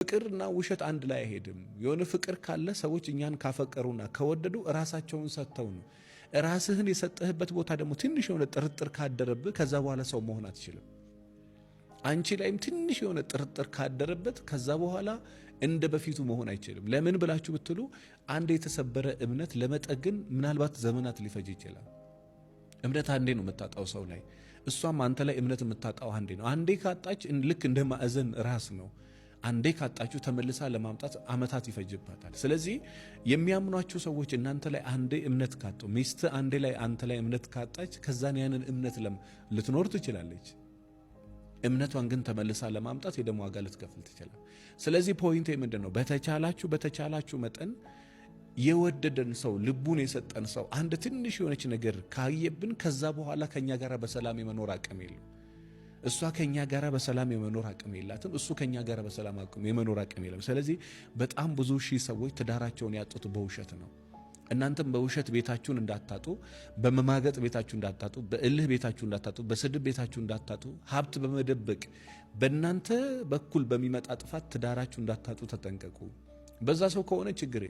ፍቅርና ውሸት አንድ ላይ አይሄድም። የሆነ ፍቅር ካለ ሰዎች እኛን ካፈቀሩና ከወደዱ ራሳቸውን ሰጥተው ነው። ራስህን የሰጠህበት ቦታ ደግሞ ትንሽ የሆነ ጥርጥር ካደረብህ ከዛ በኋላ ሰው መሆን አትችልም። አንቺ ላይም ትንሽ የሆነ ጥርጥር ካደረበት ከዛ በኋላ እንደ በፊቱ መሆን አይችልም። ለምን ብላችሁ ብትሉ አንድ የተሰበረ እምነት ለመጠገን ምናልባት ዘመናት ሊፈጅ ይችላል። እምነት አንዴ ነው የምታጣው ሰው ላይ፣ እሷም አንተ ላይ እምነት የምታጣው አንዴ ነው። አንዴ ካጣች ልክ እንደ ማዕዘን ራስ ነው አንዴ ካጣችሁ ተመልሳ ለማምጣት አመታት ይፈጅባታል። ስለዚህ የሚያምኗችሁ ሰዎች እናንተ ላይ አንዴ እምነት ካጡ፣ ሚስት አንዴ ላይ አንተ ላይ እምነት ካጣች ከዛን ያንን እምነት ልትኖር ትችላለች። እምነቷን ግን ተመልሳ ለማምጣት የደሞ ዋጋ ልትከፍል ትችላል። ስለዚህ ፖይንት ምንድን ነው? በተቻላችሁ በተቻላችሁ መጠን የወደደን ሰው ልቡን የሰጠን ሰው አንድ ትንሽ የሆነች ነገር ካየብን ከዛ በኋላ ከኛ ጋር በሰላም የመኖር አቅም የለም። እሷ ከኛ ጋር በሰላም የመኖር አቅም የላትም። እሱ ከኛ ጋር በሰላም የመኖር አቅም የለም። ስለዚህ በጣም ብዙ ሺህ ሰዎች ትዳራቸውን ያጡት በውሸት ነው። እናንተም በውሸት ቤታችሁን እንዳታጡ፣ በመማገጥ ቤታችሁ እንዳታጡ፣ በእልህ ቤታችሁ እንዳታጡ፣ በስድብ ቤታችሁ እንዳታጡ፣ ሀብት በመደበቅ በእናንተ በኩል በሚመጣ ጥፋት ትዳራችሁ እንዳታጡ ተጠንቀቁ። በዛ ሰው ከሆነ ችግር